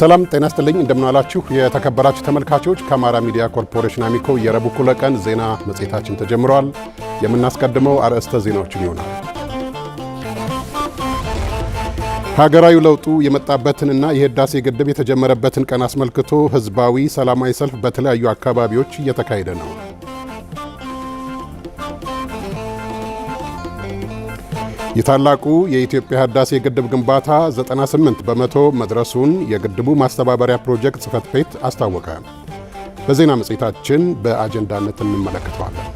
ሰላም ጤና ስጥልኝ፣ እንደምናላችሁ የተከበራችሁ ተመልካቾች። ከአማራ ሚዲያ ኮርፖሬሽን አሚኮ የረቡዕ እኩለ ቀን ዜና መጽሔታችን ተጀምረዋል። የምናስቀድመው አርዕስተ ዜናዎችን ይሆናል። ሀገራዊ ለውጡ የመጣበትንና የህዳሴ ግድብ የተጀመረበትን ቀን አስመልክቶ ህዝባዊ ሰላማዊ ሰልፍ በተለያዩ አካባቢዎች እየተካሄደ ነው። የታላቁ የኢትዮጵያ ህዳሴ ግድብ ግንባታ 98 በመቶ መድረሱን የግድቡ ማስተባበሪያ ፕሮጀክት ጽህፈት ቤት አስታወቀ። በዜና መጽሔታችን በአጀንዳነት እንመለከተዋለን።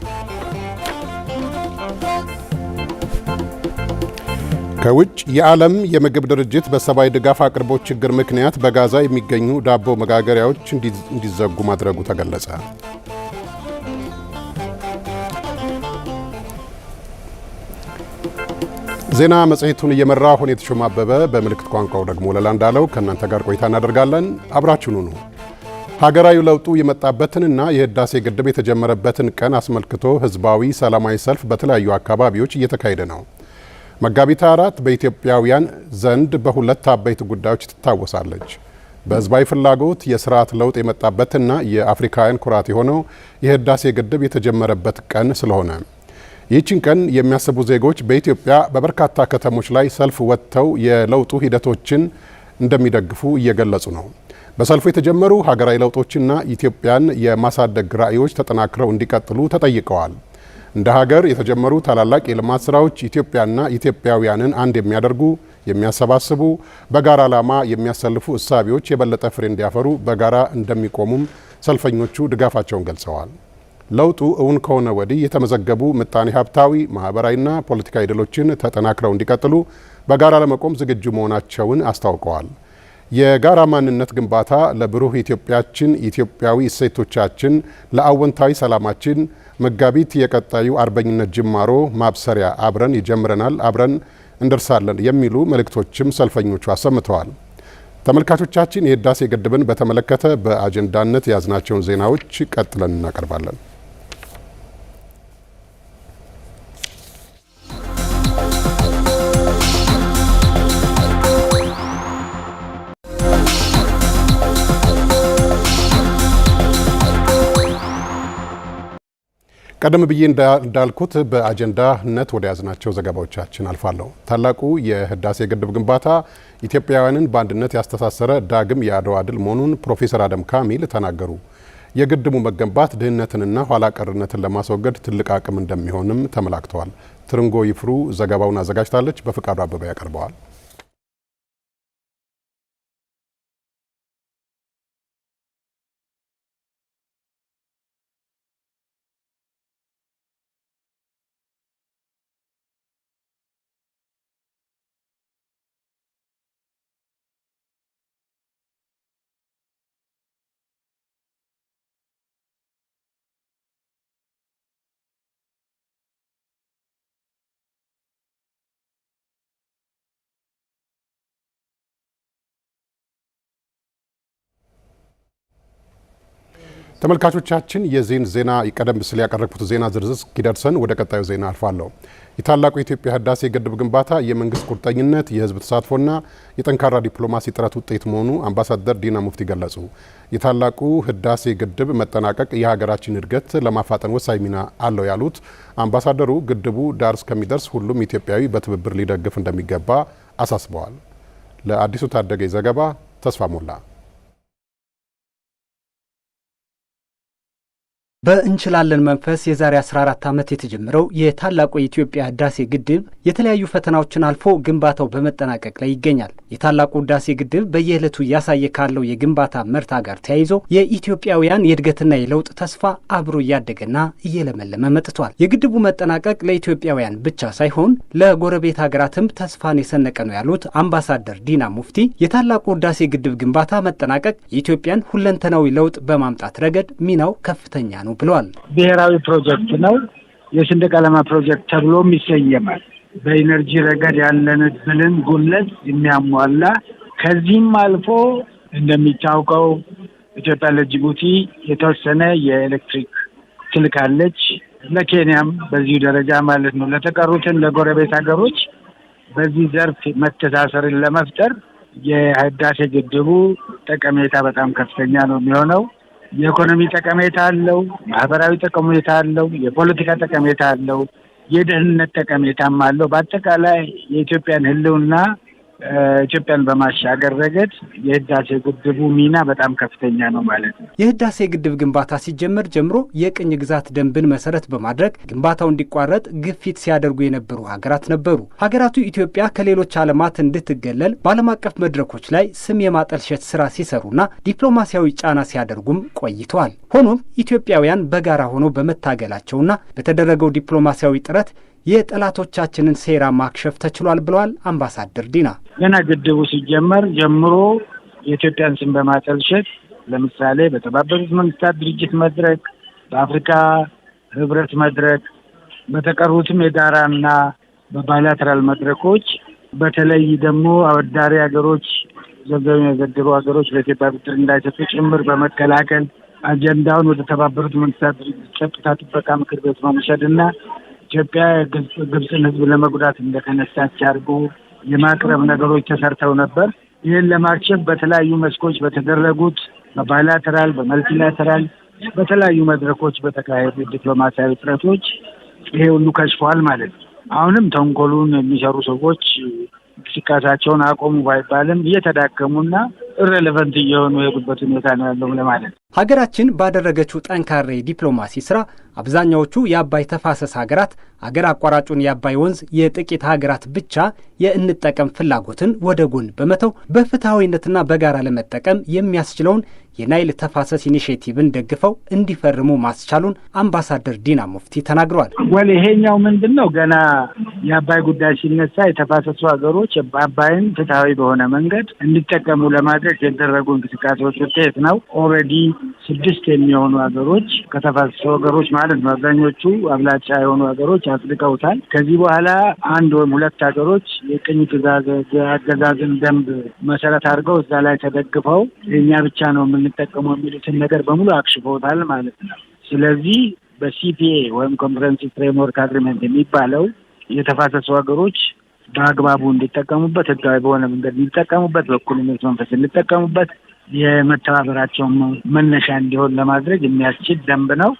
ከውጭ የዓለም የምግብ ድርጅት በሰብአዊ ድጋፍ አቅርቦት ችግር ምክንያት በጋዛ የሚገኙ ዳቦ መጋገሪያዎች እንዲዘጉ ማድረጉ ተገለጸ። ዜና መጽሔቱን እየመራ ሁን የተሾመ አበበ፣ በምልክት ቋንቋው ደግሞ ለላ እንዳለው ከእናንተ ጋር ቆይታ እናደርጋለን። አብራችሁኑ ኑ። ሀገራዊ ለውጡ የመጣበትንና የህዳሴ ግድብ የተጀመረበትን ቀን አስመልክቶ ህዝባዊ ሰላማዊ ሰልፍ በተለያዩ አካባቢዎች እየተካሄደ ነው። መጋቢት አራት በኢትዮጵያውያን ዘንድ በሁለት አበይት ጉዳዮች ትታወሳለች። በህዝባዊ ፍላጎት የስርዓት ለውጥ የመጣበትና የአፍሪካውያን ኩራት የሆነው የህዳሴ ግድብ የተጀመረበት ቀን ስለሆነ ይህችን ቀን የሚያስቡ ዜጎች በኢትዮጵያ በበርካታ ከተሞች ላይ ሰልፍ ወጥተው የለውጡ ሂደቶችን እንደሚደግፉ እየገለጹ ነው። በሰልፉ የተጀመሩ ሀገራዊ ለውጦችና ኢትዮጵያን የማሳደግ ራዕዮች ተጠናክረው እንዲቀጥሉ ተጠይቀዋል። እንደ ሀገር የተጀመሩ ታላላቅ የልማት ስራዎች ኢትዮጵያና ኢትዮጵያውያንን አንድ የሚያደርጉ የሚያሰባስቡ፣ በጋራ ዓላማ የሚያሰልፉ እሳቢዎች የበለጠ ፍሬ እንዲያፈሩ በጋራ እንደሚቆሙም ሰልፈኞቹ ድጋፋቸውን ገልጸዋል። ለውጡ እውን ከሆነ ወዲህ የተመዘገቡ ምጣኔ ሀብታዊ ማህበራዊና ፖለቲካዊ ድሎችን ተጠናክረው እንዲቀጥሉ በጋራ ለመቆም ዝግጁ መሆናቸውን አስታውቀዋል። የጋራ ማንነት ግንባታ ለብሩህ ኢትዮጵያችን፣ ኢትዮጵያዊ እሴቶቻችን፣ ለአወንታዊ ሰላማችን መጋቢት የቀጣዩ አርበኝነት ጅማሮ ማብሰሪያ አብረን ይጀምረናል፣ አብረን እንደርሳለን የሚሉ መልእክቶችም ሰልፈኞቹ አሰምተዋል። ተመልካቾቻችን የህዳሴ ግድብን በተመለከተ በአጀንዳነት የያዝናቸውን ዜናዎች ቀጥለን እናቀርባለን። ቀደም ብዬ እንዳልኩት በአጀንዳነት ወደ ያዝናቸው ዘገባዎቻችን አልፋለሁ። ታላቁ የህዳሴ ግድብ ግንባታ ኢትዮጵያውያንን በአንድነት ያስተሳሰረ ዳግም የአድዋ ድል መሆኑን ፕሮፌሰር አደም ካሚል ተናገሩ። የግድቡ መገንባት ድህነትንና ኋላ ቀርነትን ለማስወገድ ትልቅ አቅም እንደሚሆንም ተመላክተዋል። ትርንጎ ይፍሩ ዘገባውን አዘጋጅታለች። በፍቃዱ አበበ ያቀርበዋል። ተመልካቾቻችን የዜን ዜና ቀደም ሲል ያቀረብኩት ዜና ዝርዝር እስኪደርሰን ወደ ቀጣዩ ዜና አልፋለሁ። የታላቁ የኢትዮጵያ ህዳሴ ግድብ ግንባታ የመንግስት ቁርጠኝነት፣ የህዝብ ተሳትፎና የጠንካራ ዲፕሎማሲ ጥረት ውጤት መሆኑ አምባሳደር ዲና ሙፍቲ ገለጹ። የታላቁ ህዳሴ ግድብ መጠናቀቅ የሀገራችን እድገት ለማፋጠን ወሳኝ ሚና አለው ያሉት አምባሳደሩ ግድቡ ዳር እስከሚደርስ ሁሉም ኢትዮጵያዊ በትብብር ሊደግፍ እንደሚገባ አሳስበዋል። ለአዲሱ ታደገኝ ዘገባ ተስፋ ሞላ በእንችላለን መንፈስ የዛሬ 14 ዓመት የተጀመረው የታላቁ የኢትዮጵያ ህዳሴ ግድብ የተለያዩ ፈተናዎችን አልፎ ግንባታው በመጠናቀቅ ላይ ይገኛል። የታላቁ ህዳሴ ግድብ በየዕለቱ እያሳየ ካለው የግንባታ መርታ ጋር ተያይዞ የኢትዮጵያውያን የእድገትና የለውጥ ተስፋ አብሮ እያደገና እየለመለመ መጥቷል። የግድቡ መጠናቀቅ ለኢትዮጵያውያን ብቻ ሳይሆን ለጎረቤት ሀገራትም ተስፋን የሰነቀ ነው ያሉት አምባሳደር ዲና ሙፍቲ የታላቁ ህዳሴ ግድብ ግንባታ መጠናቀቅ የኢትዮጵያን ሁለንተናዊ ለውጥ በማምጣት ረገድ ሚናው ከፍተኛ ነው ብለዋል። ብሔራዊ ፕሮጀክት ነው። የሰንደቅ ዓላማ ፕሮጀክት ተብሎም ይሰየማል። በኢነርጂ ረገድ ያለን ብልን ጉለት የሚያሟላ ከዚህም አልፎ እንደሚታወቀው ኢትዮጵያ ለጅቡቲ የተወሰነ የኤሌክትሪክ ትልካለች። ለኬንያም በዚሁ ደረጃ ማለት ነው። ለተቀሩትን ለጎረቤት ሀገሮች በዚህ ዘርፍ መተሳሰርን ለመፍጠር የህዳሴ ግድቡ ጠቀሜታ በጣም ከፍተኛ ነው የሚሆነው። የኢኮኖሚ ጠቀሜታ አለው፣ ማህበራዊ ጠቀሜታ አለው፣ የፖለቲካ ጠቀሜታ አለው፣ የደህንነት ጠቀሜታም አለው። በአጠቃላይ የኢትዮጵያን ህልውና። ኢትዮጵያን በማሻገር ረገድ የህዳሴ ግድቡ ሚና በጣም ከፍተኛ ነው ማለት ነው። የህዳሴ ግድብ ግንባታ ሲጀመር ጀምሮ የቅኝ ግዛት ደንብን መሰረት በማድረግ ግንባታው እንዲቋረጥ ግፊት ሲያደርጉ የነበሩ ሀገራት ነበሩ። ሀገራቱ ኢትዮጵያ ከሌሎች ዓለማት እንድትገለል በዓለም አቀፍ መድረኮች ላይ ስም የማጠልሸት ስራ ሲሰሩና ዲፕሎማሲያዊ ጫና ሲያደርጉም ቆይተዋል። ሆኖም ኢትዮጵያውያን በጋራ ሆኖ በመታገላቸውና በተደረገው ዲፕሎማሲያዊ ጥረት የጠላቶቻችንን ሴራ ማክሸፍ ተችሏል ብለዋል አምባሳደር ዲና። ገና ግድቡ ሲጀመር ጀምሮ የኢትዮጵያን ስም በማጠልሸት ለምሳሌ በተባበሩት መንግስታት ድርጅት መድረክ፣ በአፍሪካ ህብረት መድረክ፣ በተቀሩትም የጋራና በባይላተራል መድረኮች በተለይ ደግሞ አወዳሪ ሀገሮች ገንዘብ የመበደሩ ሀገሮች በኢትዮጵያ ብድር እንዳይሰጡ ጭምር በመከላከል አጀንዳውን ወደ ተባበሩት መንግስታት ድርጅት ጸጥታ ጥበቃ ምክር ቤት መውሰድ እና ኢትዮጵያ ግብፅን ህዝብ ለመጉዳት እንደተነሳች አድርጎ የማቅረብ ነገሮች ተሰርተው ነበር። ይህን ለማክሸፍ በተለያዩ መስኮች በተደረጉት በባይላተራል፣ በመልቲላተራል፣ በተለያዩ መድረኮች በተካሄዱ ዲፕሎማሲያዊ ጥረቶች ይሄ ሁሉ ከሽፏል ማለት ነው። አሁንም ተንኮሉን የሚሰሩ ሰዎች እንቅስቃሴያቸውን አቆሙ ባይባልም እየተዳከሙና ኢሬሌቨንት እየሆኑ የሄዱበት ሁኔታ ነው ያለው ለማለት ነው። ሀገራችን ባደረገችው ጠንካራ ዲፕሎማሲ ስራ አብዛኛዎቹ የአባይ ተፋሰስ ሀገራት አገር አቋራጩን የአባይ ወንዝ የጥቂት ሀገራት ብቻ የእንጠቀም ፍላጎትን ወደ ጎን በመተው በፍትሐዊነትና በጋራ ለመጠቀም የሚያስችለውን የናይል ተፋሰስ ኢኒሽቲቭን ደግፈው እንዲፈርሙ ማስቻሉን አምባሳደር ዲና ሙፍቲ ተናግረዋል። ወል ይሄኛው ምንድን ነው ገና የአባይ ጉዳይ ሲነሳ የተፋሰሱ ሀገሮች አባይን ፍትሐዊ በሆነ መንገድ እንዲጠቀሙ ለማድረግ የተደረጉ እንቅስቃሴዎች ውጤት ነው። ኦልሬዲ ስድስት የሚሆኑ ሀገሮች ከተፋሰሱ ሀገሮች ማለት ነው አብዛኞቹ አብላጫ የሆኑ ሀገሮች አጽድቀውታል። ከዚህ በኋላ አንድ ወይም ሁለት ሀገሮች የቅኝ ግዛት አገዛዝን ደንብ መሰረት አድርገው እዛ ላይ ተደግፈው የእኛ ብቻ ነው የምንጠቀመው የሚሉትን ነገር በሙሉ አክሽፎታል ማለት ነው። ስለዚህ በሲፒኤ ወይም ኮንፈረንስ ፍሬምወርክ አግሪመንት የሚባለው የተፋሰሱ ሀገሮች በአግባቡ እንዲጠቀሙበት፣ ህጋዊ በሆነ መንገድ እንዲጠቀሙበት፣ በእኩልነት መንፈስ እንዲጠቀሙበት የመተባበራቸውን መነሻ እንዲሆን ለማድረግ የሚያስችል ደንብ ነው።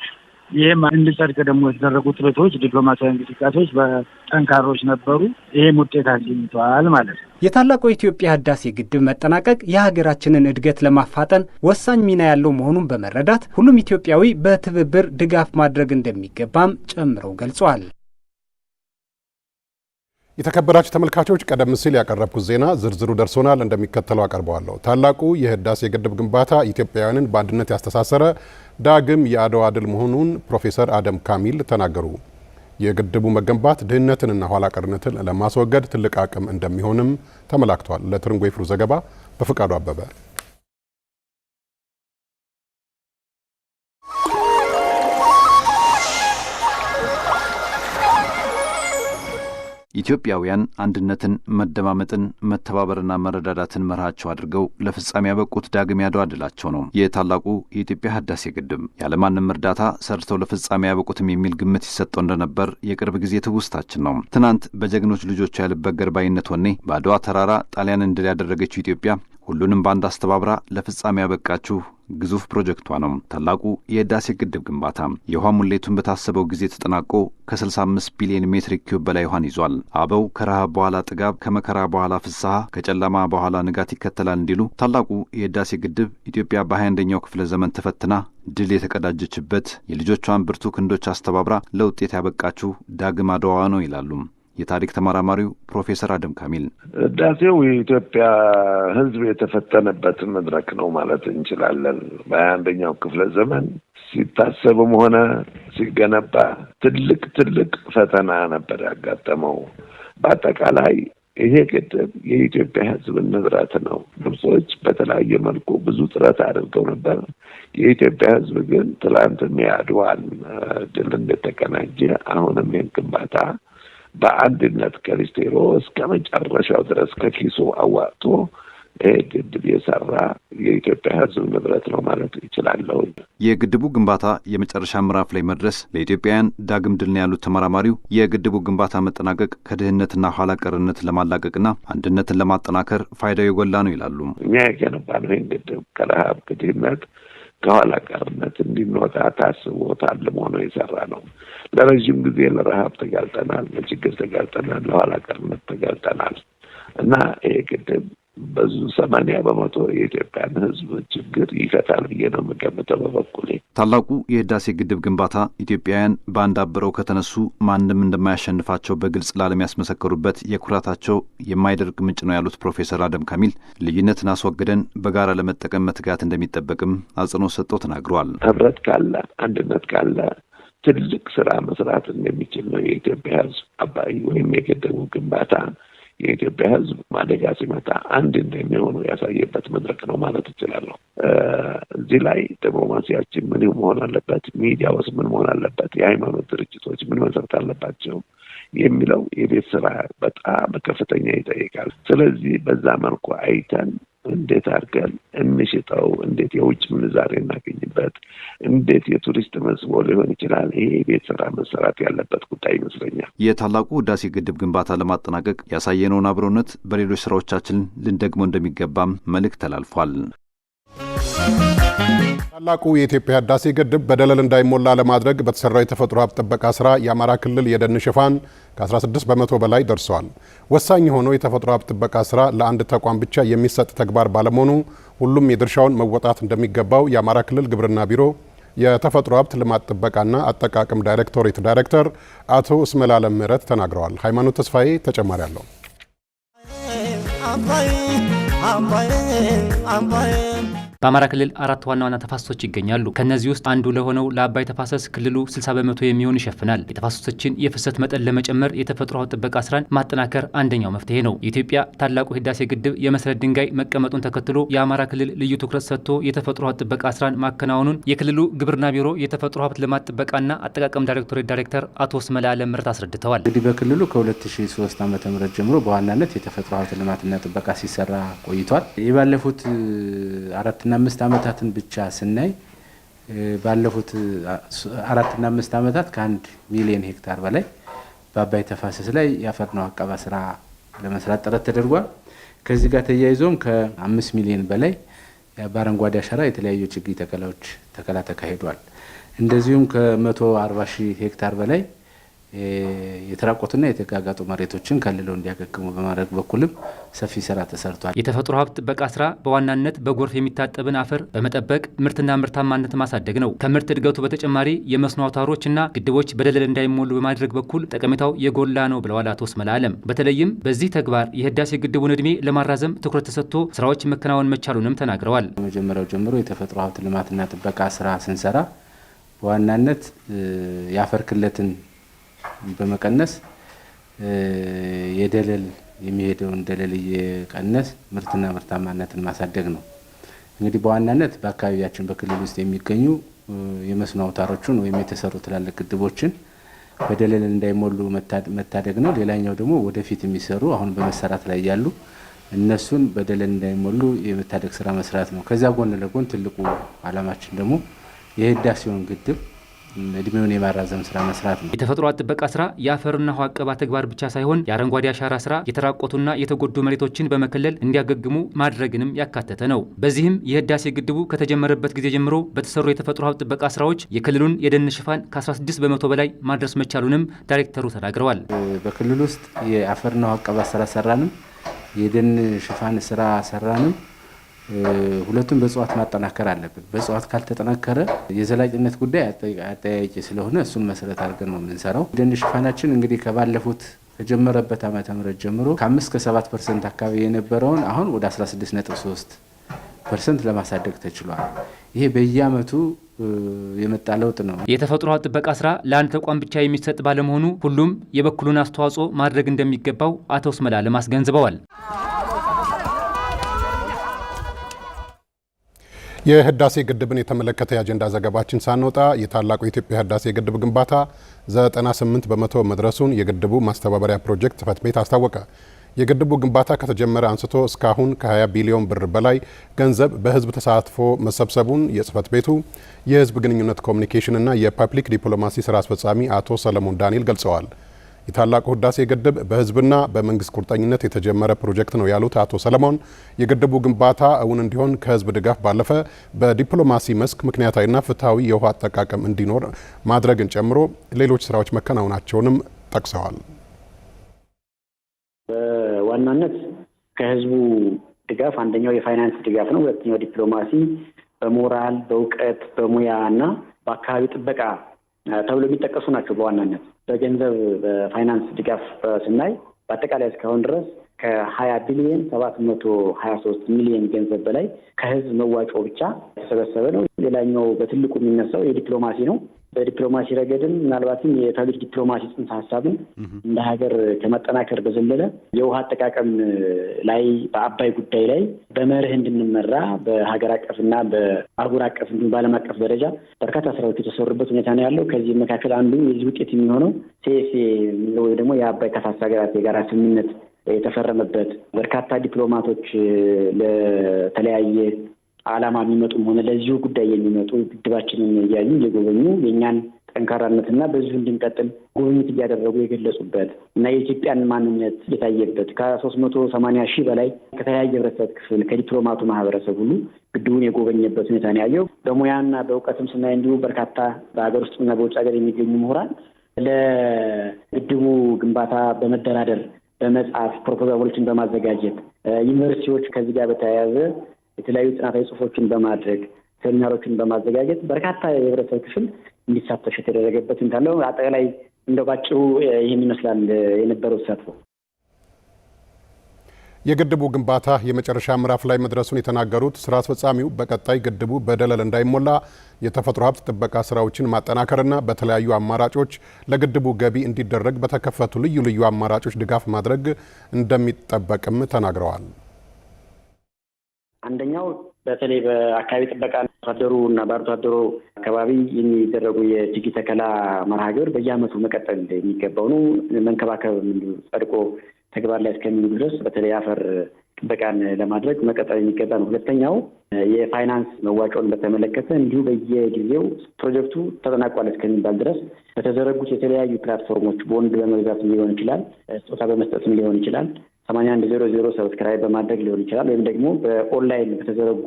ይህም እንዲጸድቅ ደግሞ የተደረጉ ጥረቶች፣ ዲፕሎማሲያዊ እንቅስቃሴዎች በጠንካሮች ነበሩ። ይህም ውጤት አግኝተዋል ማለት ነው። የታላቁ የኢትዮጵያ ህዳሴ ግድብ መጠናቀቅ የሀገራችንን እድገት ለማፋጠን ወሳኝ ሚና ያለው መሆኑን በመረዳት ሁሉም ኢትዮጵያዊ በትብብር ድጋፍ ማድረግ እንደሚገባም ጨምረው ገልጿል። የተከበራችሁ ተመልካቾች ቀደም ሲል ያቀረብኩት ዜና ዝርዝሩ ደርሶናል፣ እንደሚከተለው አቀርበዋለሁ። ታላቁ የህዳሴ ግድብ ግንባታ ኢትዮጵያውያንን በአንድነት ያስተሳሰረ ዳግም የአድዋ ድል መሆኑን ፕሮፌሰር አደም ካሚል ተናገሩ። የግድቡ መገንባት ድህነትንና ኋላ ቀርነትን ለማስወገድ ትልቅ አቅም እንደሚሆንም ተመላክቷል። ለትርንጎ ይፍሩ ዘገባ በፍቃዱ አበበ ኢትዮጵያውያን አንድነትን፣ መደማመጥን፣ መተባበርና መረዳዳትን መርሃቸው አድርገው ለፍጻሜ ያበቁት ዳግም ያድዋ ድላቸው ነው። የታላቁ የኢትዮጵያ ህዳሴ ግድብ ያለማንም እርዳታ ሰርተው ለፍጻሜ ያበቁትም የሚል ግምት ይሰጠው እንደነበር የቅርብ ጊዜ ትውስታችን ነው። ትናንት በጀግኖች ልጆቿ ያልበገር ባይነት ወኔ በአድዋ ተራራ ጣሊያንን ድል ያደረገችው ኢትዮጵያ ሁሉንም በአንድ አስተባብራ ለፍጻሜ ያበቃችሁ ግዙፍ ፕሮጀክቷ ነው ታላቁ የህዳሴ ግድብ ግንባታ። የውሃ ሙሌቱን በታሰበው ጊዜ ተጠናቆ ከ65 ቢሊዮን ሜትር ኪዩብ በላይ ውሃን ይዟል። አበው ከረሃብ በኋላ ጥጋብ፣ ከመከራ በኋላ ፍስሐ፣ ከጨለማ በኋላ ንጋት ይከተላል እንዲሉ ታላቁ የህዳሴ ግድብ ኢትዮጵያ በ21ኛው ክፍለ ዘመን ተፈትና ድል የተቀዳጀችበት የልጆቿን ብርቱ ክንዶች አስተባብራ ለውጤት ያበቃችሁ ዳግም አድዋዋ ነው ይላሉ። የታሪክ ተመራማሪው ፕሮፌሰር አደም ካሚል ህዳሴው የኢትዮጵያ ህዝብ የተፈተነበት መድረክ ነው ማለት እንችላለን። በሀያ አንደኛው ክፍለ ዘመን ሲታሰብም ሆነ ሲገነባ ትልቅ ትልቅ ፈተና ነበር ያጋጠመው። በአጠቃላይ ይሄ ግድብ የኢትዮጵያ ህዝብን ንብረት ነው። ግብጾች በተለያየ መልኩ ብዙ ጥረት አድርገው ነበር። የኢትዮጵያ ህዝብ ግን ትላንትም የአድዋን ድል እንደተቀናጀ አሁንም ይህን ግንባታ በአንድነት ከሊስቴሮ እስከ መጨረሻው ድረስ ከኪሱ አዋጥቶ ግድብ የሰራ የኢትዮጵያ ሕዝብ ንብረት ነው ማለት ይችላለሁ። የግድቡ ግንባታ የመጨረሻ ምዕራፍ ላይ መድረስ ለኢትዮጵያውያን ዳግም ድል ነው ያሉት ተመራማሪው የግድቡ ግንባታ መጠናቀቅ ከድህነትና ኋላ ቀርነት ለማላቀቅና አንድነትን ለማጠናከር ፋይዳው የጎላ ነው ይላሉ። እኛ የገነባነው ይህን ግድብ ከረሃብ ከድህነት ከኋላ ቀርነት እንዲንወጣ ታስቦ ታልሞ ነው የሰራ ነው። ለረዥም ጊዜ ለረሃብ ተጋልጠናል፣ ለችግር ተጋልጠናል፣ ለኋላ ቀርነት ተጋልጠናል እና ይሄ ግድብ በዙ ሰማንያ በመቶ የኢትዮጵያን ህዝብ ችግር ይፈታል ብዬ ነው የምገምተው በበኩሌ። ታላቁ የህዳሴ ግድብ ግንባታ ኢትዮጵያውያን በአንድ አብረው ከተነሱ ማንም እንደማያሸንፋቸው በግልጽ ለዓለም ያስመሰከሩበት የኩራታቸው የማይደርግ ምንጭ ነው ያሉት ፕሮፌሰር አደም ካሚል ልዩነትን አስወግደን በጋራ ለመጠቀም መትጋት እንደሚጠበቅም አጽንኦት ሰጥተው ተናግረዋል። ህብረት ካለ አንድነት ካለ ትልቅ ስራ መስራት እንደሚችል ነው የኢትዮጵያ ህዝብ አባይ ወይም የገደቡ ግንባታ የኢትዮጵያ ሕዝብ ማደጋ ሲመጣ አንድ እንደሚሆኑ ያሳየበት መድረክ ነው ማለት እችላለሁ። እዚህ ላይ ዲፕሎማሲያችን ምን መሆን አለበት፣ ሚዲያውስ ምን መሆን አለበት፣ የሃይማኖት ድርጅቶች ምን መሰረት አለባቸው የሚለው የቤት ስራ በጣም ከፍተኛ ይጠይቃል። ስለዚህ በዛ መልኩ አይተን እንዴት አድርገን እንሽጠው፣ እንዴት የውጭ ምንዛሬ እናገኝበት፣ እንዴት የቱሪስት መስቦ ሊሆን ይችላል። ይሄ የቤት ስራ መሰራት ያለበት ጉዳይ ይመስለኛል። የታላቁ ህዳሴ ግድብ ግንባታ ለማጠናቀቅ ያሳየነውን አብሮነት በሌሎች ስራዎቻችን ልንደግመው እንደሚገባም መልእክት ተላልፏል። ታላቁ የኢትዮጵያ ህዳሴ ግድብ በደለል እንዳይሞላ ለማድረግ በተሰራው የተፈጥሮ ሀብት ጥበቃ ስራ የአማራ ክልል የደን ሽፋን ከ16 በመቶ በላይ ደርሰዋል። ወሳኝ የሆነው የተፈጥሮ ሀብት ጥበቃ ስራ ለአንድ ተቋም ብቻ የሚሰጥ ተግባር ባለመሆኑ ሁሉም የድርሻውን መወጣት እንደሚገባው የአማራ ክልል ግብርና ቢሮ የተፈጥሮ ሀብት ልማት ጥበቃና አጠቃቀም ዳይሬክቶሬት ዳይሬክተር አቶ እስመላለም ምህረት ተናግረዋል። ሃይማኖት ተስፋዬ ተጨማሪ አለው። በአማራ ክልል አራት ዋና ዋና ተፋሰሶች ይገኛሉ። ከእነዚህ ውስጥ አንዱ ለሆነው ለአባይ ተፋሰስ ክልሉ 60 በመቶ የሚሆን ይሸፍናል። የተፋሰሶችን የፍሰት መጠን ለመጨመር የተፈጥሮ ጥበቃ ስራን ማጠናከር አንደኛው መፍትሄ ነው። የኢትዮጵያ ታላቁ ህዳሴ ግድብ የመሰረት ድንጋይ መቀመጡን ተከትሎ የአማራ ክልል ልዩ ትኩረት ሰጥቶ የተፈጥሮ ሀብት ጥበቃ ስራን ማከናወኑን የክልሉ ግብርና ቢሮ የተፈጥሮ ሀብት ልማት ጥበቃና አጠቃቀም ዳይሬክቶሬት ዳይሬክተር አቶ ስመላ አለም ምረት አስረድተዋል። እንግዲህ በክልሉ ከ2003 ዓ ም ጀምሮ በዋናነት የተፈጥሮ ሀብት ልማትና ጥበቃ ሲሰራ ቆይቷል። የባለፉት አራትና አምስት ዓመታትን ብቻ ስናይ ባለፉት አራትና አምስት ዓመታት ከአንድ ሚሊዮን ሄክታር በላይ በአባይ ተፋሰስ ላይ የአፈር ነው አቀባ ስራ ለመስራት ጥረት ተደርጓል። ከዚህ ጋር ተያይዞም ከአምስት ሚሊዮን በላይ በአረንጓዴ አሻራ የተለያዩ ችግኝ ተከላዎች ተከላ ተካሂዷል። እንደዚሁም ከመቶ አርባ ሺህ ሄክታር በላይ የተራቆቱና የተጋጋጡ መሬቶችን ከልለው እንዲያገግሙ በማድረግ በኩልም ሰፊ ስራ ተሰርቷል። የተፈጥሮ ሀብት ጥበቃ ስራ በዋናነት በጎርፍ የሚታጠብን አፈር በመጠበቅ ምርትና ምርታማነት ማሳደግ ነው። ከምርት እድገቱ በተጨማሪ የመስኖ አውታሮችና ግድቦች በደለል እንዳይሞሉ በማድረግ በኩል ጠቀሜታው የጎላ ነው ብለዋል አቶ እስመላ አለም። በተለይም በዚህ ተግባር የህዳሴ ግድቡን እድሜ ለማራዘም ትኩረት ተሰጥቶ ስራዎች መከናወን መቻሉንም ተናግረዋል። መጀመሪያው ጀምሮ የተፈጥሮ ሀብት ልማትና ጥበቃ ስራ ስንሰራ በዋናነት የአፈር ክለትን በመቀነስ የደለል የሚሄደውን ደለል እየቀነስ ምርትና ምርታማነትን ማሳደግ ነው። እንግዲህ በዋናነት በአካባቢያችን በክልል ውስጥ የሚገኙ የመስኖ አውታሮችን ወይም የተሰሩ ትላልቅ ግድቦችን በደለል እንዳይሞሉ መታደግ ነው። ሌላኛው ደግሞ ወደፊት የሚሰሩ አሁን በመሰራት ላይ ያሉ እነሱን በደለል እንዳይሞሉ የመታደግ ስራ መስራት ነው። ከዚያ ጎን ለጎን ትልቁ አላማችን ደግሞ የህዳሴውን ግድብ እድሜውን የማራዘም ስራ መስራት ነው። የተፈጥሮ ጥበቃ ስራ የአፈርና ውሃ እቀባ ተግባር ብቻ ሳይሆን የአረንጓዴ አሻራ ስራ የተራቆቱና የተጎዱ መሬቶችን በመከለል እንዲያገግሙ ማድረግንም ያካተተ ነው። በዚህም የህዳሴ ግድቡ ከተጀመረበት ጊዜ ጀምሮ በተሰሩ የተፈጥሮ ሀብት ጥበቃ ስራዎች የክልሉን የደን ሽፋን ከ16 በመቶ በላይ ማድረስ መቻሉንም ዳይሬክተሩ ተናግረዋል። በክልል ውስጥ የአፈርና ውሃ እቀባ ስራ ሰራንም፣ የደን ሽፋን ስራ ሰራንም ሁለቱም በእጽዋት ማጠናከር አለብን። በእጽዋት ካልተጠናከረ የዘላቂነት ጉዳይ አጠያቂ ስለሆነ እሱን መሰረት አድርገን ነው የምንሰራው። ደን ሽፋናችን እንግዲህ ከባለፉት ከጀመረበት ዓመተ ምህረት ጀምሮ ከአምስት ከሰባት ፐርሰንት አካባቢ የነበረውን አሁን ወደ 16 ነጥብ 3 ፐርሰንት ለማሳደግ ተችሏል። ይሄ በየአመቱ የመጣ ለውጥ ነው። የተፈጥሮ ጥበቃ ስራ ለአንድ ተቋም ብቻ የሚሰጥ ባለመሆኑ ሁሉም የበኩሉን አስተዋጽኦ ማድረግ እንደሚገባው አቶ ስመላ አስገንዝበዋል። የህዳሴ ግድብን የተመለከተ የአጀንዳ ዘገባችን ሳንወጣ የታላቁ የኢትዮጵያ ህዳሴ ግድብ ግንባታ 98 በመቶ መድረሱን የግድቡ ማስተባበሪያ ፕሮጀክት ጽፈት ቤት አስታወቀ። የግድቡ ግንባታ ከተጀመረ አንስቶ እስካሁን ከ20 ቢሊዮን ብር በላይ ገንዘብ በህዝብ ተሳትፎ መሰብሰቡን የጽህፈት ቤቱ የህዝብ ግንኙነት ኮሚኒኬሽንና የፐብሊክ ዲፕሎማሲ ስራ አስፈጻሚ አቶ ሰለሞን ዳንኤል ገልጸዋል። የታላቁ ህዳሴ ግድብ በህዝብና በመንግስት ቁርጠኝነት የተጀመረ ፕሮጀክት ነው ያሉት አቶ ሰለሞን የግድቡ ግንባታ እውን እንዲሆን ከህዝብ ድጋፍ ባለፈ በዲፕሎማሲ መስክ ምክንያታዊና ፍትሐዊ የውሃ አጠቃቀም እንዲኖር ማድረግን ጨምሮ ሌሎች ስራዎች መከናወናቸውንም ጠቅሰዋል። በዋናነት ከህዝቡ ድጋፍ አንደኛው የፋይናንስ ድጋፍ ነው። ሁለተኛው ዲፕሎማሲ በሞራል በእውቀት በሙያ እና በአካባቢ ጥበቃ ተብሎ የሚጠቀሱ ናቸው። በዋናነት በገንዘብ በፋይናንስ ድጋፍ ስናይ በአጠቃላይ እስካሁን ድረስ ከሀያ ቢሊዮን ሰባት መቶ ሀያ ሶስት ሚሊዮን ገንዘብ በላይ ከህዝብ መዋጮ ብቻ የተሰበሰበ ነው። ሌላኛው በትልቁ የሚነሳው የዲፕሎማሲ ነው። በዲፕሎማሲ ረገድም ምናልባትም የታሪክ ዲፕሎማሲ ጽንሰ ሀሳብን እንደ ሀገር ከመጠናከር በዘለለ የውሃ አጠቃቀም ላይ በአባይ ጉዳይ ላይ በመርህ እንድንመራ በሀገር አቀፍ እና በአህጉር አቀፍ እንዲሁም በዓለም አቀፍ ደረጃ በርካታ ስራዎች የተሰሩበት ሁኔታ ነው ያለው። ከዚህ መካከል አንዱ የዚህ ውጤት የሚሆነው ሴሴ የሚለው ወይ ደግሞ የአባይ ተፋሰስ ሀገራት የጋራ ስምምነት የተፈረመበት በርካታ ዲፕሎማቶች ለተለያየ አላማ የሚመጡም ሆነ ለዚሁ ጉዳይ የሚመጡ ግድባችንን እያዩ እየጎበኙ የእኛን ጠንካራነትና በዚሁ እንድንቀጥል ጉብኝት እያደረጉ የገለጹበት እና የኢትዮጵያን ማንነት የታየበት ከሶስት መቶ ሰማኒያ ሺህ በላይ ከተለያየ ህብረተሰብ ክፍል ከዲፕሎማቱ ማህበረሰብ ሁሉ ግድቡን የጎበኘበት ሁኔታ ነው ያየው። በሙያና በእውቀትም ስናይ እንዲሁ በርካታ በሀገር ውስጥና በውጭ ሀገር የሚገኙ ምሁራን ለግድቡ ግንባታ በመደራደር በመጽሐፍ ፕሮፖዛሎችን በማዘጋጀት ዩኒቨርሲቲዎች ከዚህ ጋር በተያያዘ የተለያዩ ጥናታዊ ጽሁፎችን በማድረግ ሴሚናሮችን በማዘጋጀት በርካታ የህብረተሰብ ክፍል እንዲሳተፍ የተደረገበት እንዳለው አጠቃላይ እንደ ባጭሩ ይህን ይመስላል የነበረው ተሳትፎ። የግድቡ ግንባታ የመጨረሻ ምዕራፍ ላይ መድረሱን የተናገሩት ስራ አስፈጻሚው በቀጣይ ግድቡ በደለል እንዳይሞላ የተፈጥሮ ሀብት ጥበቃ ስራዎችን ማጠናከርና በተለያዩ አማራጮች ለግድቡ ገቢ እንዲደረግ በተከፈቱ ልዩ ልዩ አማራጮች ድጋፍ ማድረግ እንደሚጠበቅም ተናግረዋል። አንደኛው በተለይ በአካባቢ ጥበቃ አርሶ እና በአርሶ አደሩ አካባቢ የሚደረጉ የችግኝ ተከላ መርሃ ግብር መቀጠል የሚገባው ነው። መንከባከብ ጸድቆ ተግባር ላይ እስከሚሉ ድረስ በተለይ አፈር ጥበቃን ለማድረግ መቀጠል የሚገባ ነው። ሁለተኛው የፋይናንስ መዋጫውን በተመለከተ እንዲሁ በየጊዜው ፕሮጀክቱ ተጠናቋል እስከሚባል ድረስ በተዘረጉት የተለያዩ ፕላትፎርሞች ቦንድ በመግዛትም ሊሆን ይችላል፣ ስጦታ በመስጠትም ሊሆን ይችላል ሰማንያ አንድ ዜሮ ዜሮ ሰብስክራይብ በማድረግ ሊሆን ይችላል። ወይም ደግሞ በኦንላይን በተዘረጉ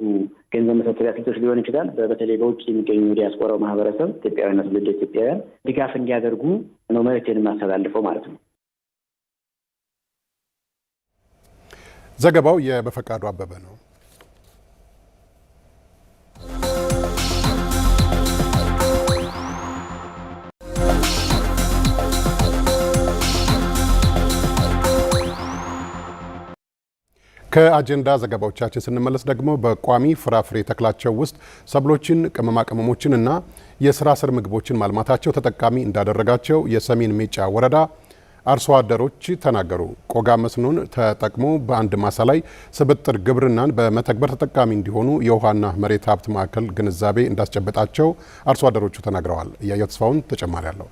ገንዘብ መሰብሰቢያ ስልቶች ሊሆን ይችላል። በተለይ በውጭ የሚገኙ ዲያስፖራው ማህበረሰብ ኢትዮጵያውያንና ትውልደ ኢትዮጵያውያን ድጋፍ እንዲያደርጉ ነው መልዕክቴን የማስተላልፈው ማለት ነው። ዘገባው የበፈቃዱ አበበ ነው። ከአጀንዳ ዘገባዎቻችን ስንመለስ ደግሞ በቋሚ ፍራፍሬ ተክላቸው ውስጥ ሰብሎችን፣ ቅመማ ቅመሞችን እና የስራ ስር ምግቦችን ማልማታቸው ተጠቃሚ እንዳደረጋቸው የሰሜን ሜጫ ወረዳ አርሶ አደሮች ተናገሩ። ቆጋ መስኖን ተጠቅሞ በአንድ ማሳ ላይ ስብጥር ግብርናን በመተግበር ተጠቃሚ እንዲሆኑ የውሃና መሬት ሀብት ማዕከል ግንዛቤ እንዳስጨበጣቸው አርሶ አደሮቹ ተናግረዋል። እያየው ተስፋውን ተጨማሪ አለው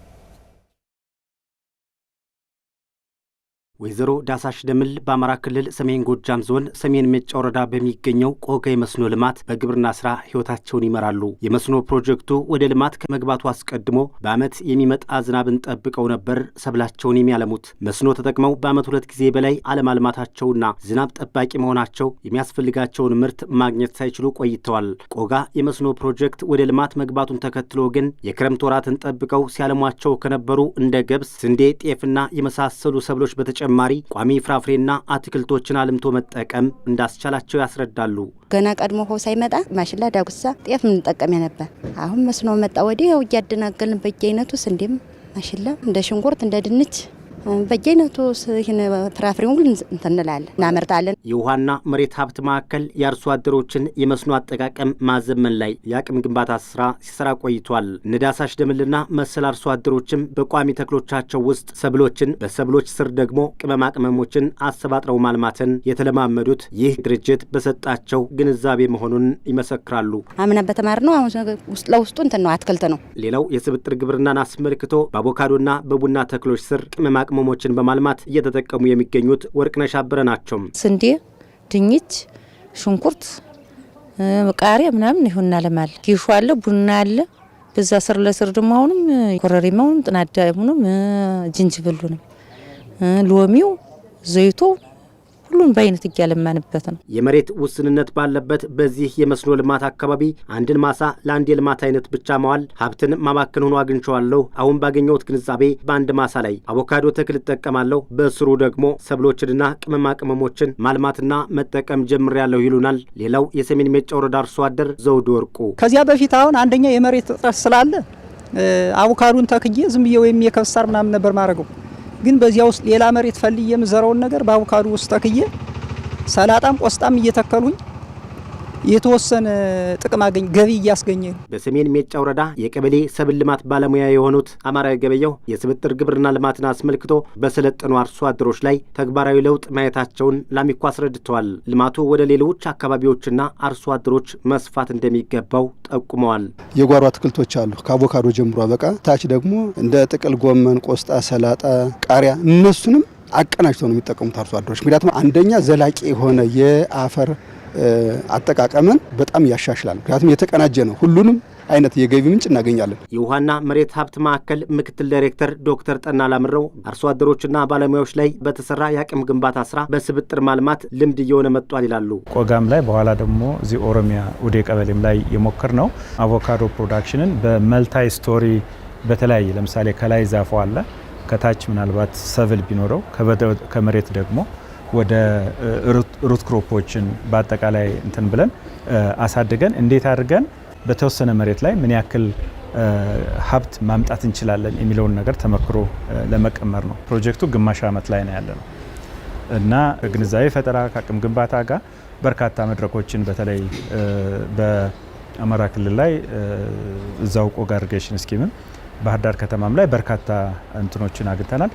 ወይዘሮ ዳሳሽ ደምል በአማራ ክልል ሰሜን ጎጃም ዞን ሰሜን ሜጫ ወረዳ በሚገኘው ቆጋ የመስኖ ልማት በግብርና ስራ ህይወታቸውን ይመራሉ። የመስኖ ፕሮጀክቱ ወደ ልማት ከመግባቱ አስቀድሞ በዓመት የሚመጣ ዝናብን ጠብቀው ነበር ሰብላቸውን የሚያለሙት። መስኖ ተጠቅመው በዓመት ሁለት ጊዜ በላይ አለማልማታቸውና ዝናብ ጠባቂ መሆናቸው የሚያስፈልጋቸውን ምርት ማግኘት ሳይችሉ ቆይተዋል። ቆጋ የመስኖ ፕሮጀክት ወደ ልማት መግባቱን ተከትሎ ግን የክረምት ወራትን ጠብቀው ሲያለሟቸው ከነበሩ እንደ ገብስ፣ ስንዴ፣ ጤፍና የመሳሰሉ ሰብሎች በተጨ በተጨማሪ ቋሚ ፍራፍሬና አትክልቶችን አልምቶ መጠቀም እንዳስቻላቸው ያስረዳሉ። ገና ቀድሞ ሆ ሳይመጣ ማሽላ፣ ዳጉሳ፣ ጤፍ ምንጠቀም ነበር። አሁን መስኖ መጣ ወዲህ ያው እያደናገልን በየ አይነቱ ስንዴም፣ ማሽላ እንደ ሽንኩርት እንደ ድንች በየአይነቱ ፍራፍሬ ሁሉ እንትንላለን እናመርጣለን። የውሃና መሬት ሀብት ማዕከል የአርሶ አደሮችን የመስኖ አጠቃቀም ማዘመን ላይ የአቅም ግንባታ ስራ ሲሰራ ቆይቷል። ነዳሳሽ ደምልና መሰል አርሶ አደሮችም በቋሚ ተክሎቻቸው ውስጥ ሰብሎችን፣ በሰብሎች ስር ደግሞ ቅመማ ቅመሞችን አሰባጥረው ማልማትን የተለማመዱት ይህ ድርጅት በሰጣቸው ግንዛቤ መሆኑን ይመሰክራሉ። አምና በተማር ነው አሁን ውስጥ ለውስጡ እንትን ነው አትክልት ነው። ሌላው የስብጥር ግብርናን አስመልክቶ በአቮካዶና በቡና ተክሎች ስር ቅመማ ቅመሞችን በማልማት እየተጠቀሙ የሚገኙት ወርቅነሽ አበረ ናቸው። ስንዴ፣ ድንች፣ ሽንኩርት፣ ቃሪያ ምናምን ይሁን እናለማል። ጌሾ አለ፣ ቡና አለ። በዛ ስር ለስር ደግሞ አሁንም ኮረሪማውን ጥናዳ ሁንም ጅንጅብሉንም ሎሚው ዘይቱ ሁሉም በአይነት እያለመንበት ነው። የመሬት ውስንነት ባለበት በዚህ የመስኖ ልማት አካባቢ አንድን ማሳ ለአንድ የልማት አይነት ብቻ መዋል ሀብትን ማባከን ሆኖ አግኝቸዋለሁ። አሁን ባገኘሁት ግንዛቤ በአንድ ማሳ ላይ አቮካዶ ተክል እጠቀማለሁ፣ በስሩ ደግሞ ሰብሎችንና ቅመማ ቅመሞችን ማልማትና መጠቀም ጀምሬያለሁ ይሉናል። ሌላው የሰሜን ሜጫ ወረዳ አርሶ አደር ዘውድ ወርቁ ከዚያ በፊት አሁን አንደኛ የመሬት እጥረት ስላለ አቮካዶን ተክዬ ዝም ብዬ ወይም የከብሳር ምናምን ነበር ማድረገው ግን በዚያ ውስጥ ሌላ መሬት ፈልዬ የምዘረውን ነገር በአቮካዶ ውስጥ ተክዬ ሰላጣም ቆስጣም እየተከሉኝ የተወሰነ ጥቅም አገኝ ገቢ እያስገኘ ነው። በሰሜን ሜጫ ወረዳ የቀበሌ ሰብል ልማት ባለሙያ የሆኑት አማራዊ ገበየው የስብጥር ግብርና ልማትን አስመልክቶ በሰለጠኑ አርሶ አደሮች ላይ ተግባራዊ ለውጥ ማየታቸውን ላሚኮ አስረድተዋል። ልማቱ ወደ ሌሎች አካባቢዎችና አርሶ አደሮች መስፋት እንደሚገባው ጠቁመዋል። የጓሮ አትክልቶች አሉ። ከአቮካዶ ጀምሮ በቃ ታች ደግሞ እንደ ጥቅል ጎመን፣ ቆስጣ፣ ሰላጣ፣ ቃሪያ እነሱንም አቀናጅተው ነው የሚጠቀሙት አርሶ አደሮች። ምክንያቱም አንደኛ ዘላቂ የሆነ የአፈር አጠቃቀምን በጣም ያሻሽላል። ምክንያቱም የተቀናጀ ነው ሁሉንም አይነት የገቢ ምንጭ እናገኛለን። የውሃና መሬት ሀብት ማዕከል ምክትል ዳይሬክተር ዶክተር ጠና ላምረው አርሶ አደሮችና ባለሙያዎች ላይ በተሰራ የአቅም ግንባታ ስራ በስብጥር ማልማት ልምድ እየሆነ መጥቷል ይላሉ። ቆጋም ላይ በኋላ ደግሞ እዚህ ኦሮሚያ ውዴ ቀበሌም ላይ የሞክር ነው አቮካዶ ፕሮዳክሽንን በመልታይ ስቶሪ በተለያየ ለምሳሌ ከላይ ዛፎ አለ፣ ከታች ምናልባት ሰብል ቢኖረው ከመሬት ደግሞ ወደ ሩት ክሮፖችን በአጠቃላይ እንትን ብለን አሳድገን እንዴት አድርገን በተወሰነ መሬት ላይ ምን ያክል ሀብት ማምጣት እንችላለን የሚለውን ነገር ተመክሮ ለመቀመር ነው። ፕሮጀክቱ ግማሽ ዓመት ላይ ነው ያለ ነው እና ግንዛቤ ፈጠራ ከአቅም ግንባታ ጋር በርካታ መድረኮችን በተለይ በአማራ ክልል ላይ እዛው ቆጋ ኢሪጌሽን ስኪምም ባህር ዳር ከተማም ላይ በርካታ እንትኖችን አግኝተናል።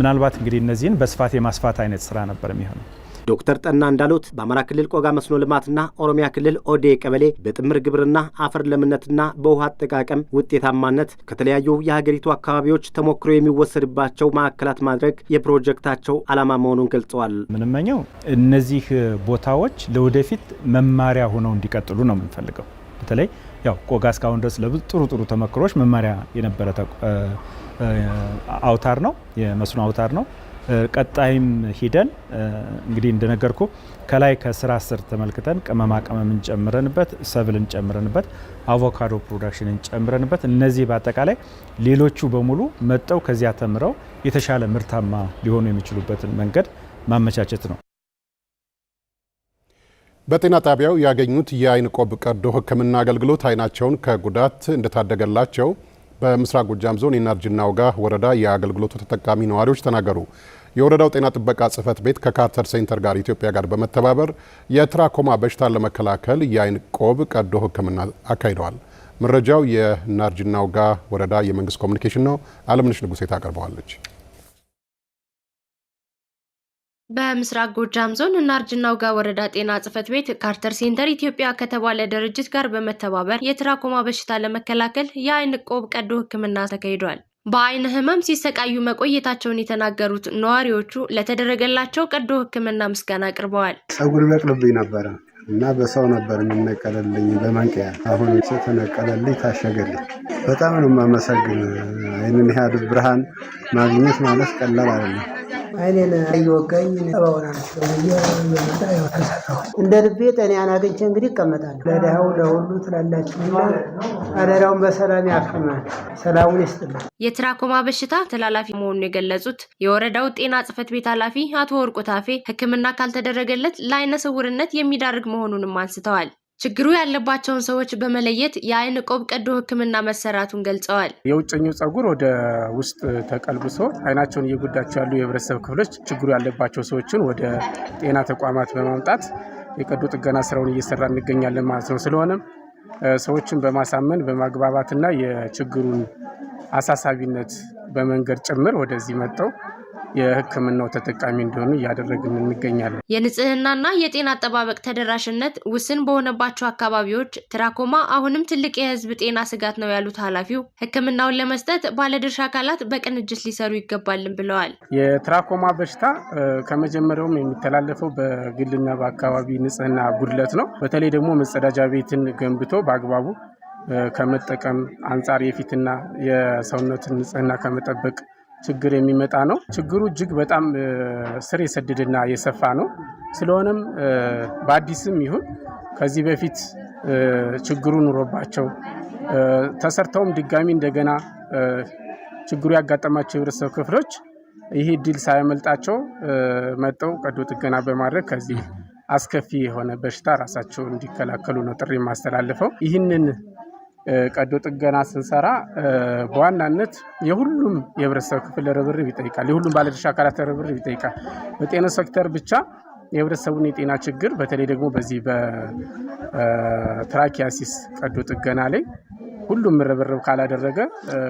ምናልባት እንግዲህ እነዚህን በስፋት የማስፋት አይነት ስራ ነበር የሚሆነው። ዶክተር ጠና እንዳሉት በአማራ ክልል ቆጋ መስኖ ልማትና ኦሮሚያ ክልል ኦዴ ቀበሌ በጥምር ግብርና አፈር ለምነትና በውሃ አጠቃቀም ውጤታማነት ከተለያዩ የሀገሪቱ አካባቢዎች ተሞክሮ የሚወሰድባቸው ማዕከላት ማድረግ የፕሮጀክታቸው ዓላማ መሆኑን ገልጸዋል። ምንመኘው እነዚህ ቦታዎች ለወደፊት መማሪያ ሆነው እንዲቀጥሉ ነው የምንፈልገው። በተለይ ያው ቆጋ እስካሁን ድረስ ለብዙ ጥሩ ጥሩ ተመክሮች መማሪያ የነበረ አውታር ነው፣ የመስኖ አውታር ነው። ቀጣይም ሂደን እንግዲህ እንደነገርኩ ከላይ ከስራ ስር ተመልክተን ቅመማ ቅመምን ጨምረንበት ሰብልን ጨምረንበት አቮካዶ ፕሮዳክሽንን ጨምረንበት እነዚህ በአጠቃላይ ሌሎቹ በሙሉ መጠው ከዚያ ተምረው የተሻለ ምርታማ ሊሆኑ የሚችሉበትን መንገድ ማመቻቸት ነው። በጤና ጣቢያው ያገኙት የአይን ቆብ ቀዶ ሕክምና አገልግሎት አይናቸውን ከጉዳት እንደታደገላቸው በምስራቅ ጎጃም ዞን የናርጅና ውጋ ወረዳ የአገልግሎቱ ተጠቃሚ ነዋሪዎች ተናገሩ። የወረዳው ጤና ጥበቃ ጽፈት ቤት ከካርተር ሴንተር ጋር ኢትዮጵያ ጋር በመተባበር የትራኮማ በሽታን ለመከላከል የአይን ቆብ ቀዶ ሕክምና አካሂደዋል። መረጃው የናርጅና ውጋ ወረዳ የመንግስት ኮሚኒኬሽን ነው። አለምነሽ ንጉሴ ታቀርበዋለች። በምስራቅ ጎጃም ዞን እናርጅናው ጋር ወረዳ ጤና ጽህፈት ቤት ካርተር ሴንተር ኢትዮጵያ ከተባለ ድርጅት ጋር በመተባበር የትራኮማ በሽታ ለመከላከል የአይን ቆብ ቀዶ ሕክምና ተካሂዷል። በአይን ህመም ሲሰቃዩ መቆየታቸውን የተናገሩት ነዋሪዎቹ ለተደረገላቸው ቀዶ ህክምና ምስጋና አቅርበዋል። ጸጉር ይበቅልብኝ ነበረ እና በሰው ነበር የምነቀለልኝ በመንቀያ አሁን ሰ ተነቀለልኝ፣ ታሸገልኝ። በጣም ነው የማመሰግን። አይንን ያህል ብርሃን ማግኘት ማለት ቀላል አይደለም። አይኔን እየወጋኝ ጠባውን እንደ ልቤ ጤናዬን አግኝቼ እንግዲህ ይቀመጣል። ለድሃው ለሁሉ ትላላችሁና አደራውን በሰላም ያክማል። ሰላሙን ይስጥልን። የትራኮማ በሽታ ተላላፊ መሆኑን የገለጹት የወረዳው ጤና ጽሕፈት ቤት ኃላፊ አቶ ወርቁ ታፌ ሕክምና ካልተደረገለት ለአይነ ስውርነት የሚዳርግ መሆኑንም አንስተዋል። ችግሩ ያለባቸውን ሰዎች በመለየት የአይን ቆብ ቀዶ ሕክምና መሰራቱን ገልጸዋል። የውጭኛው ጸጉር ወደ ውስጥ ተቀልብሶ አይናቸውን እየጎዳቸው ያሉ የህብረተሰብ ክፍሎች ችግሩ ያለባቸው ሰዎችን ወደ ጤና ተቋማት በማምጣት የቀዶ ጥገና ስራውን እየሰራ እንገኛለን ማለት ነው። ስለሆነም ሰዎችን በማሳመን በማግባባትና የችግሩን አሳሳቢነት በመንገድ ጭምር ወደዚህ መጥተው የሕክምናው ተጠቃሚ እንዲሆኑ እያደረግን እንገኛለን። የንጽህናና የጤና አጠባበቅ ተደራሽነት ውስን በሆነባቸው አካባቢዎች ትራኮማ አሁንም ትልቅ የህዝብ ጤና ስጋት ነው ያሉት ኃላፊው ሕክምናውን ለመስጠት ባለድርሻ አካላት በቅንጅት ሊሰሩ ይገባልን ብለዋል። የትራኮማ በሽታ ከመጀመሪያውም የሚተላለፈው በግልና በአካባቢ ንጽህና ጉድለት ነው። በተለይ ደግሞ መጸዳጃ ቤትን ገንብቶ በአግባቡ ከመጠቀም አንጻር የፊትና የሰውነትን ንጽህና ከመጠበቅ ችግር የሚመጣ ነው። ችግሩ እጅግ በጣም ስር የሰደደና የሰፋ ነው። ስለሆነም በአዲስም ይሁን ከዚህ በፊት ችግሩ ኑሮባቸው ተሰርተውም ድጋሚ እንደገና ችግሩ ያጋጠማቸው የህብረተሰብ ክፍሎች ይህ እድል ሳያመልጣቸው መጠው ቀዶ ጥገና በማድረግ ከዚህ አስከፊ የሆነ በሽታ ራሳቸው እንዲከላከሉ ነው ጥሪ የማስተላልፈው ይህንን ቀዶ ጥገና ስንሰራ በዋናነት የሁሉም የህብረተሰብ ክፍል ርብርብ ይጠይቃል። የሁሉም ባለድርሻ አካላት ርብርብ ይጠይቃል። በጤና ሴክተር ብቻ የህብረተሰቡን የጤና ችግር በተለይ ደግሞ በዚህ በትራኪያሲስ ቀዶ ጥገና ላይ ሁሉም ርብርብ ካላደረገ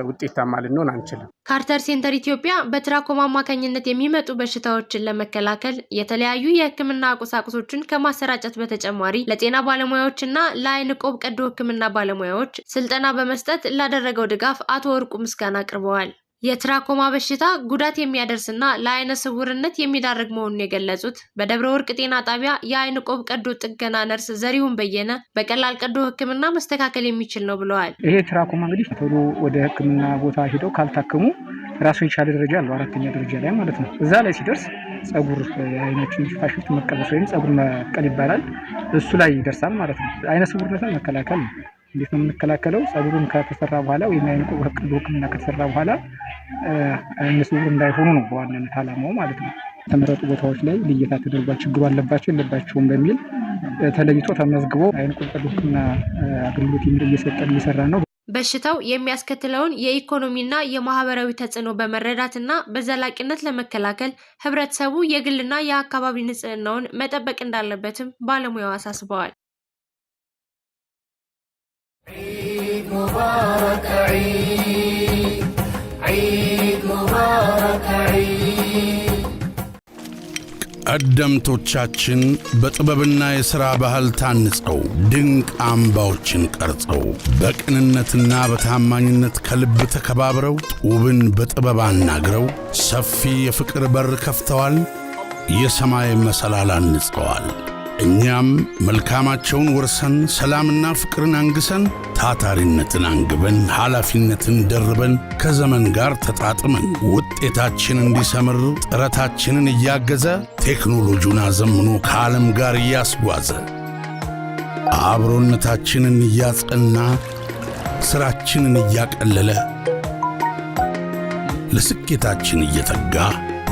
ውጤታማ ልንሆን አንችልም። ካርተር ሴንተር ኢትዮጵያ በትራኮም አማካኝነት የሚመጡ በሽታዎችን ለመከላከል የተለያዩ የሕክምና ቁሳቁሶችን ከማሰራጨት በተጨማሪ ለጤና ባለሙያዎችና ለአይን ቆብ ቀዶ ሕክምና ባለሙያዎች ስልጠና በመስጠት ላደረገው ድጋፍ አቶ ወርቁ ምስጋና አቅርበዋል። የትራኮማ በሽታ ጉዳት የሚያደርስና ለአይነ ስውርነት የሚዳርግ መሆኑን የገለጹት በደብረ ወርቅ ጤና ጣቢያ የአይን ቆብ ቀዶ ጥገና ነርስ ዘሪሁን በየነ በቀላል ቀዶ ሕክምና መስተካከል የሚችል ነው ብለዋል። ይሄ ትራኮማ እንግዲህ ቶሎ ወደ ሕክምና ቦታ ሄደው ካልታከሙ ራሱን የቻለ ደረጃ አለው፣ አራተኛ ደረጃ ላይ ማለት ነው። እዛ ላይ ሲደርስ ጸጉር የአይኖችን ሽፋሽፍት መቀነስ ወይም ጸጉር መቀል ይባላል። እሱ ላይ ይደርሳል ማለት ነው። አይነ ስውርነትን መከላከል ነው። እንዴት ነው የምንከላከለው? ጸጉሩን ከተሰራ በኋላ ወይም አይን ቀዶ ሕክምና ከተሰራ በኋላ እነሱ እንዳይሆኑ ነው በዋናነት አላማው ማለት ነው። ተመረጡ ቦታዎች ላይ ልየታ ተደርጓል። ችግሩ አለባቸው የለባቸውም በሚል ተለይቶ ተመዝግቦ አይን ቀዶ ሕክምና አገልግሎት እየሰጠ እየሰራ ነው። በሽታው የሚያስከትለውን የኢኮኖሚና የማህበራዊ ተጽዕኖ በመረዳትና በዘላቂነት ለመከላከል ህብረተሰቡ የግልና የአካባቢ ንጽህናውን መጠበቅ እንዳለበትም ባለሙያው አሳስበዋል። ቀደምቶቻችን በጥበብና የሥራ ባህል ታንጸው ድንቅ አምባዎችን ቀርጸው በቅንነትና በታማኝነት ከልብ ተከባብረው ውብን በጥበብ አናግረው ሰፊ የፍቅር በር ከፍተዋል። የሰማይ መሰላል አንጸዋል። እኛም መልካማቸውን ወርሰን ሰላምና ፍቅርን አንግሰን ታታሪነትን አንግበን ኃላፊነትን ደርበን ከዘመን ጋር ተጣጥመን ውጤታችን እንዲሰምር ጥረታችንን እያገዘ ቴክኖሎጂን አዘምኖ ከዓለም ጋር እያስጓዘ አብሮነታችንን እያጸና ሥራችንን እያቀለለ ለስኬታችን እየተጋ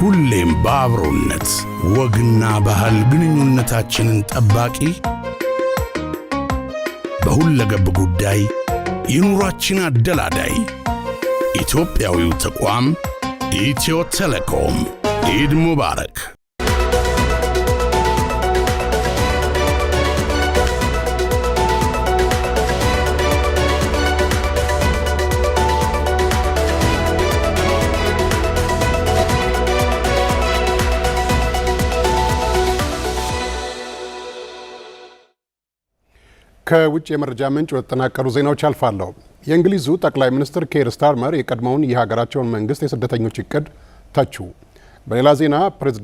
ሁሌም በአብሮነት ወግና ባህል ግንኙነታችንን ጠባቂ በሁለገብ ጉዳይ የኑሯችን አደላዳይ ኢትዮጵያዊው ተቋም ኢትዮ ቴሌኮም ኢድ ሙባረክ ከውጭ የመረጃ ምንጭ ወደተጠናቀሩ ዜናዎች አልፋለሁ። የእንግሊዙ ጠቅላይ ሚኒስትር ኬር ስታርመር የቀድሞውን የሀገራቸውን መንግስት የስደተኞች እቅድ ተቹ። በሌላ ዜና ፕሬዝደንት